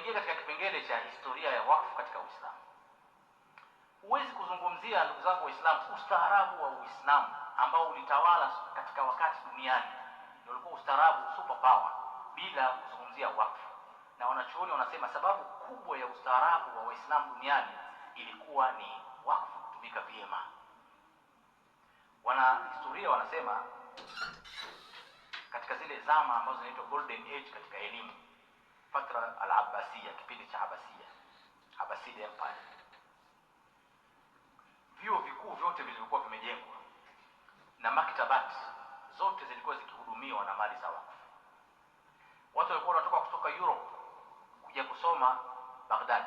Tuingie katika kipengele cha historia ya wakfu katika Uislamu. Huwezi kuzungumzia ndugu zangu Waislamu ustaarabu wa Uislamu ambao ulitawala katika wakati duniani, ndio ulikuwa ustaarabu super power, bila kuzungumzia wakfu. Na wanachuoni wanasema sababu kubwa ya ustaarabu wa Waislamu duniani ilikuwa ni wakfu kutumika vyema. Wanahistoria wanasema katika zile zama ambazo zinaitwa golden age katika elimu fatra al kipindi cha Abbasiya, Abbasid Empire. Vyuo vikuu vyote vilivyokuwa vimejengwa na maktabati zote zilikuwa zikihudumiwa na mali za wakfu. Watu walikuwa wanatoka kutoka Europe kuja kusoma Baghdad,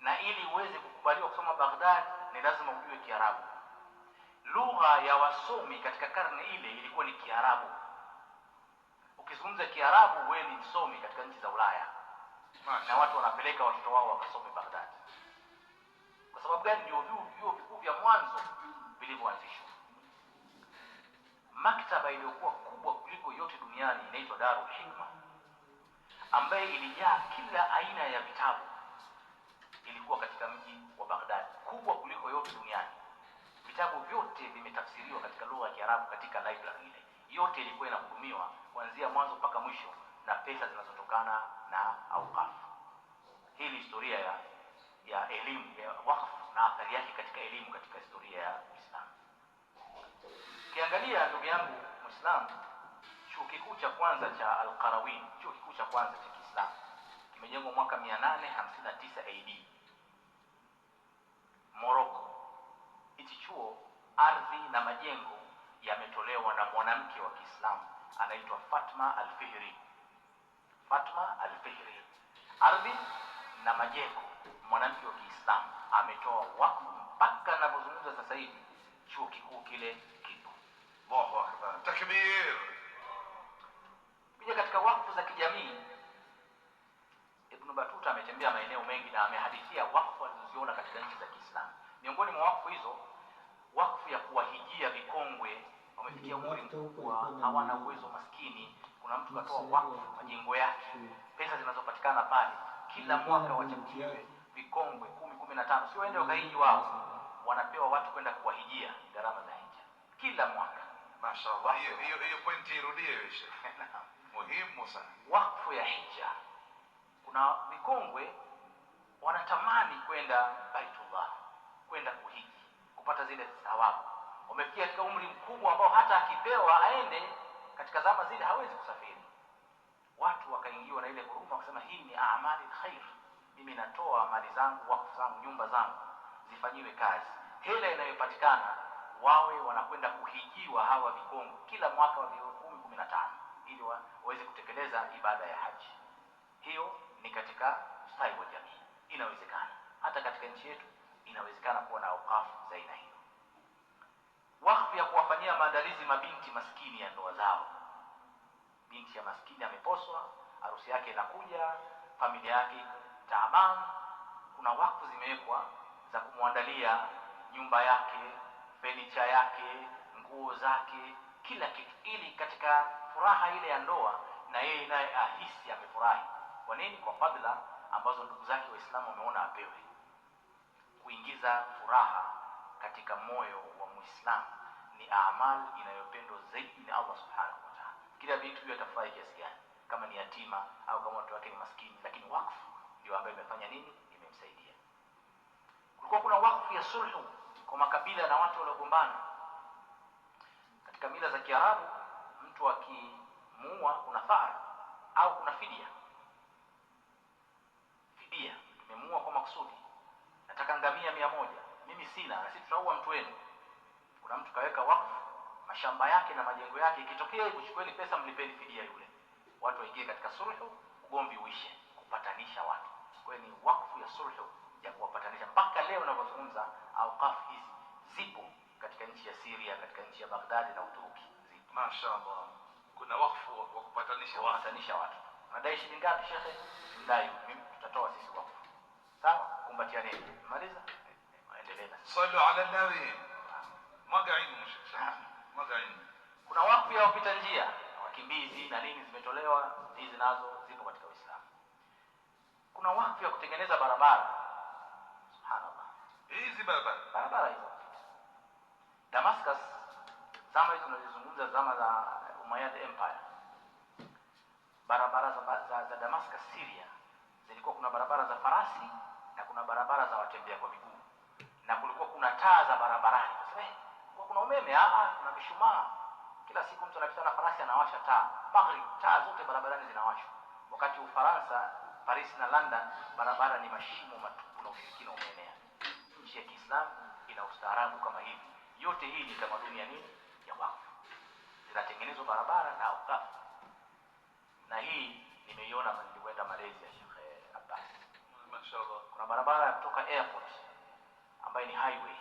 na ili uweze kukubaliwa kusoma Baghdad ni lazima ujue Kiarabu. Lugha ya wasomi katika karne ile ilikuwa ni Kiarabu ukizungumza Kiarabu wewe ni msomi katika nchi za Ulaya na watu wanapeleka watoto wao wakasome Baghdad. Kwa sababu gani? Ndio vyuo vikuu vya mwanzo vilivyoanzishwa. Maktaba iliyokuwa kubwa kuliko yote duniani inaitwa Darul Hikma, ambaye ilijaa kila aina ya vitabu, ilikuwa katika mji wa Baghdad, kubwa kuliko yote duniani. Vitabu vyote vimetafsiriwa katika lugha ya Kiarabu katika library ile, yote ilikuwa inahudumiwa kuanzia mwanzo mpaka mwisho na pesa zinazotokana na aukafu. Hii ni historia ya ya elimu ya wakfu na athari yake katika elimu katika historia ya Uislamu. Ukiangalia ndugu yangu Muislamu, chuo kikuu cha kwanza cha Al-Qarawin, chuo kikuu cha kwanza cha Kiislamu kimejengwa mwaka 859 AD Morocco. Hichi chuo, ardhi na majengo yametolewa na mwanamke wa Kiislamu anaitwa Fatma Al-Fihri. Fatma Al-Fihri, ardhi na majengo, mwanamke wa Kiislamu ametoa wakfu mpaka anapozungumza sasa hivi chuo kikuu kile kipo. Allahu akbar, takbir! Pia katika wakfu za kijamii, Ibn Batuta ametembea maeneo mengi na amehadithia wakfu alizoziona katika nchi za Kiislamu. Miongoni mwa wakfu hizo, wakfu ya kuwahijia vikongwe wamefikia umri mkubwa, hawana uwezo, maskini. Kuna mtu katoa wakfu majengo yake, pesa zinazopatikana pale kila mwaka wachaguliwe vikongwe kumi kumi na tano, sio waende wakaiji wao, wanapewa watu kwenda kuwahijia gharama za hija kila mwaka. Mashaallah, hiyo hiyo pointi irudie muhimu sana, wakfu ya hija. Kuna vikongwe wanatamani kwenda Baitullah, kwenda kuhiji kupata zile thawabu wamefikia katika umri mkubwa ambao hata akipewa aende katika zama zile hawezi kusafiri. Watu wakaingiwa na ile huruma, wakasema hii ni amali khair, mimi natoa mali zangu, wakfu zangu, nyumba zangu zifanyiwe kazi, hela inayopatikana wawe wanakwenda kuhijiwa hawa vikongwe kila mwaka wa kumi kumi na tano ili waweze kutekeleza ibada ya haji. Hiyo ni katika ustawi wa jamii, inawezekana hata katika nchi yetu inawezekana kuwa na aukafu za aina hiyo safu ya kuwafanyia maandalizi mabinti maskini ya ndoa zao. Binti ya maskini ameposwa, harusi yake inakuja, familia yake tamam, Kuna wakfu zimewekwa za kumwandalia nyumba yake, fenicha yake, nguo zake, kila kitu, ili katika furaha ile ya ndoa na yeye naye ahisi amefurahi. Kwa nini? Kwa fadhila ambazo ndugu zake Waislamu wameona apewe, kuingiza furaha katika moyo wa Muislamu ni amali inayopendwa zaidi na Allah subhanahu wa ta'ala. Kila mtu huyo atafurahi kiasi gani, kama ni yatima au kama watu wake ni maskini, lakini wakfu ndio ambayo imefanya nini, imemsaidia. Kulikuwa kuna wakfu ya sulhu kwa makabila na watu waliogombana. Katika mila za Kiarabu, mtu akimuua kuna fara au kuna fidia. Fidia, nimemuua kwa makusudi, nataka ngamia mia moja, mimi sina, na sisi tunaua mtu wenu kuna mtu kaweka wakfu mashamba yake na majengo yake, ikitokea hivyo chukueni pesa mlipeni fidia yule, watu waingie katika sulhu, ugomvi uishe, kupatanisha watu. Kwa hiyo ni wakfu ya sulhu ya kuwapatanisha. Mpaka leo ninavyozungumza, auqaf hizi zipo katika nchi ya Syria, katika nchi ya Baghdad na Uturuki. Mashaallah, kuna wakfu wa kupatanisha watu, kupatanisha watu. Unadai shilingi ngapi shekhe? Ndai mimi, tutatoa sisi wakfu. Sawa, kumbatianeni. Maliza, endelea. Sallu ala nabi mwaga ilmu, mwaga ini. Kuna wakfu ya wapita njia wakimbizi na nini zimetolewa, hizi nazo zipo katika Uislamu. Kuna wakfu ya kutengeneza barabara, subhanallah, hizi barabara barabara hizo Damascus, zama hizo tunazizungumza, zama za Umayyad Empire, barabara za, za, za Damascus Syria zilikuwa kuna barabara za farasi na kuna barabara za watembea kwa miguu na kulikuwa kuna taa za barabarani kuna umeme? Ah, ah, kuna mishumaa. Kila siku mtu anapita na farasi anawasha taa. Maghrib taa zote barabarani zinawashwa. Wakati Ufaransa, Paris na London barabara ni mashimo matupu na ushirikina umeenea. Nchi ya Kiislamu ina ustaarabu kama hivi. Yote hii ni tamaduni ya nini? Ya wakfu. Zinatengenezwa barabara na wakfu. Na hii nimeiona nilipoenda Malaysia, Sheikh eh, Abbas. Mashaallah. Kuna barabara kutoka airport ambayo ni highway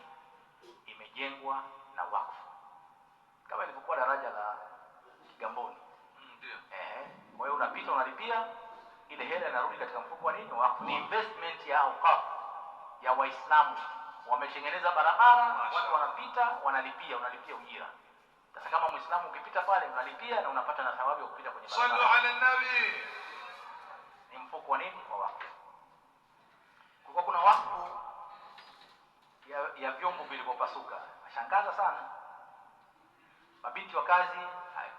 imejengwa na wakfu, kama ilivyokuwa daraja la Kigamboni. Eh, kwa hiyo unapita unalipia, ile hela inarudi katika mfuko wa nini? Wakfu. Ni investment ya wakfu ya Waislamu. Wametengeneza barabara, watu wanapita, wanalipia, unalipia ujira. Sasa kama Muislamu ukipita pale unalipia na unapata na thawabu ya kupita kwenye barabara. Sallu ala nabi. Ni mfuko wa nini? Wa wakfu. Kwa kuna wakfu ya, ya vyombo vilivyopasuka Shangaza sana mabinti wa kazi,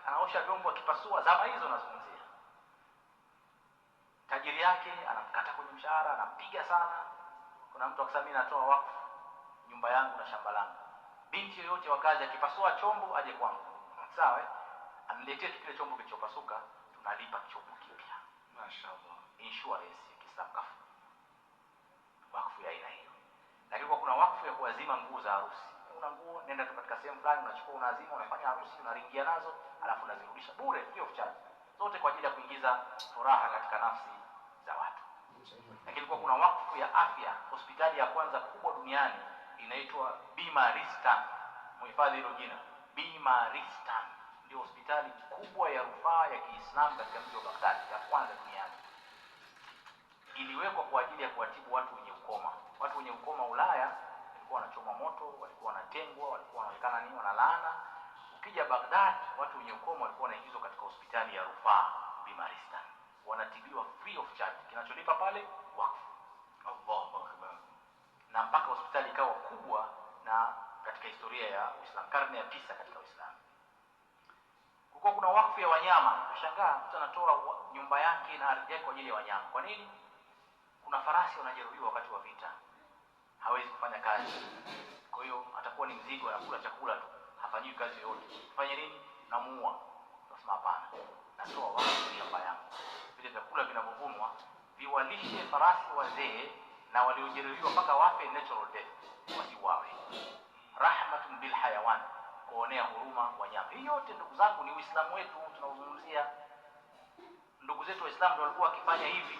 anaosha vyombo akipasua. Zama hizo nazungumzia, tajiri yake anamkata kwenye mshahara, anampiga sana. Kuna mtu akisema mimi natoa wakfu nyumba yangu na shamba langu, binti yoyote wa kazi akipasua chombo aje kwangu, sawa, eh? aniletee kile chombo kilichopasuka, tunalipa chombo kipya. Mashaallah, insurance ya Kiislamu, wakfu ya aina hiyo. Lakini kwa kuna wakfu ya kuwazima nguo za harusi una nguo, nenda tu katika sehemu fulani, unachukua unazima, unafanya harusi, unaringia nazo, alafu unazirudisha bure, free of charge, zote kwa ajili ya kuingiza furaha katika nafsi za watu. Lakini kwa kuna wakfu ya afya, hospitali ya kwanza kubwa duniani inaitwa Bimaristan, muhifadhi hilo jina, Bimaristan ndio hospitali kubwa ya rufaa ya Kiislamu katika mji wa Baghdad, ya kwanza duniani, iliwekwa kwa ajili ya kuwatibu watu wenye wanatengwa, walikuwa wanaonekana ni wanalaana. Ukija Baghdad, watu wenye ukoma walikuwa wanaingizwa katika hospitali ya rufaa Bimaristan, wanatibiwa free of charge, kinacholipa pale wakfu. Allahu akbar! Na mpaka hospitali ikawa kubwa, na katika historia ya Uislamu, karne ya tisa katika Uislamu kulikuwa kuna wakfu ya wanyama. Nashangaa mtu anatoa nyumba yake na ardhi yake kwa ajili ya wanyama. Kwa nini? Kuna farasi wanajeruhiwa wakati wa vita, hawezi kufanya kazi kwa hiyo atakuwa ni mzigo, anakula chakula tu, hafanyiwi kazi yoyote. Fanye nini? Namuua. Nasema hapana, natoa watu shamba yangu, vile vyakula vinavyovunwa viwalishe farasi wazee na waliojeruhiwa mpaka wafe natural death, wasiwawe. Rahmatun bil hayawan, kuonea huruma wanyama. Hii yote ndugu zangu ni Uislamu wetu tunaozungumzia. Ndugu zetu Waislamu ndio walikuwa wakifanya hivi.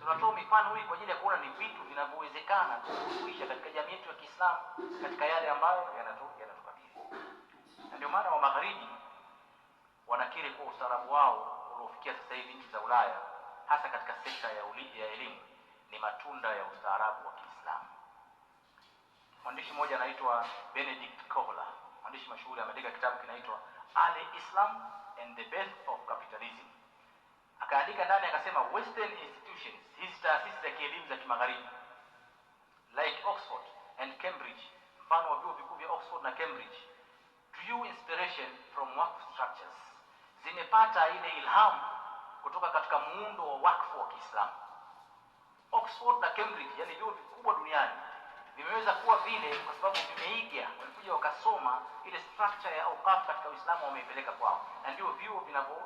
Tunatoa mifano hii kwa ajili ya kuona ni vitu vinavyowezekana kuisha katika jamii yetu ya Kiislamu, katika yale ambayo yanatukabili. Na ndio maana wa magharibi wanakiri kuwa ustaarabu wao uliofikia sasa hivi nchi za Ulaya, hasa katika sekta ya uliji ya elimu, ni matunda ya ustaarabu wa Kiislamu. Mwandishi mmoja anaitwa Benedict Kohler, mwandishi mashuhuri, ameandika kitabu kinaitwa al Islam and the Birth of Capitalism. Akaandika ndani akasema, western institutions, hizi taasisi za kielimu za kimagharibi like Oxford and Cambridge, mfano wa vyuo vikuu vya Oxford na Cambridge, drew inspiration from work structures, zimepata ile ilhamu kutoka katika muundo wa wakfu wa Kiislamu. Oxford na Cambridge, yani vyuo vikubwa duniani vimeweza kuwa vile kwa sababu vimeiga, walikuja wakasoma ile structure ya auqaf katika Uislamu wameipeleka kwao, na ndio vyuo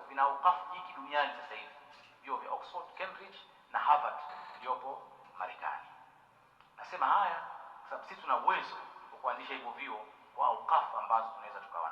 vina auqaf nyingi duniani sasa hivi, vyuo vya Oxford, Cambridge na Harvard viliopo Marekani. Nasema haya kwa sababu sisi tuna uwezo wa kuanzisha hivyo vyuo kwa auqaf ambazo tunaweza tukawa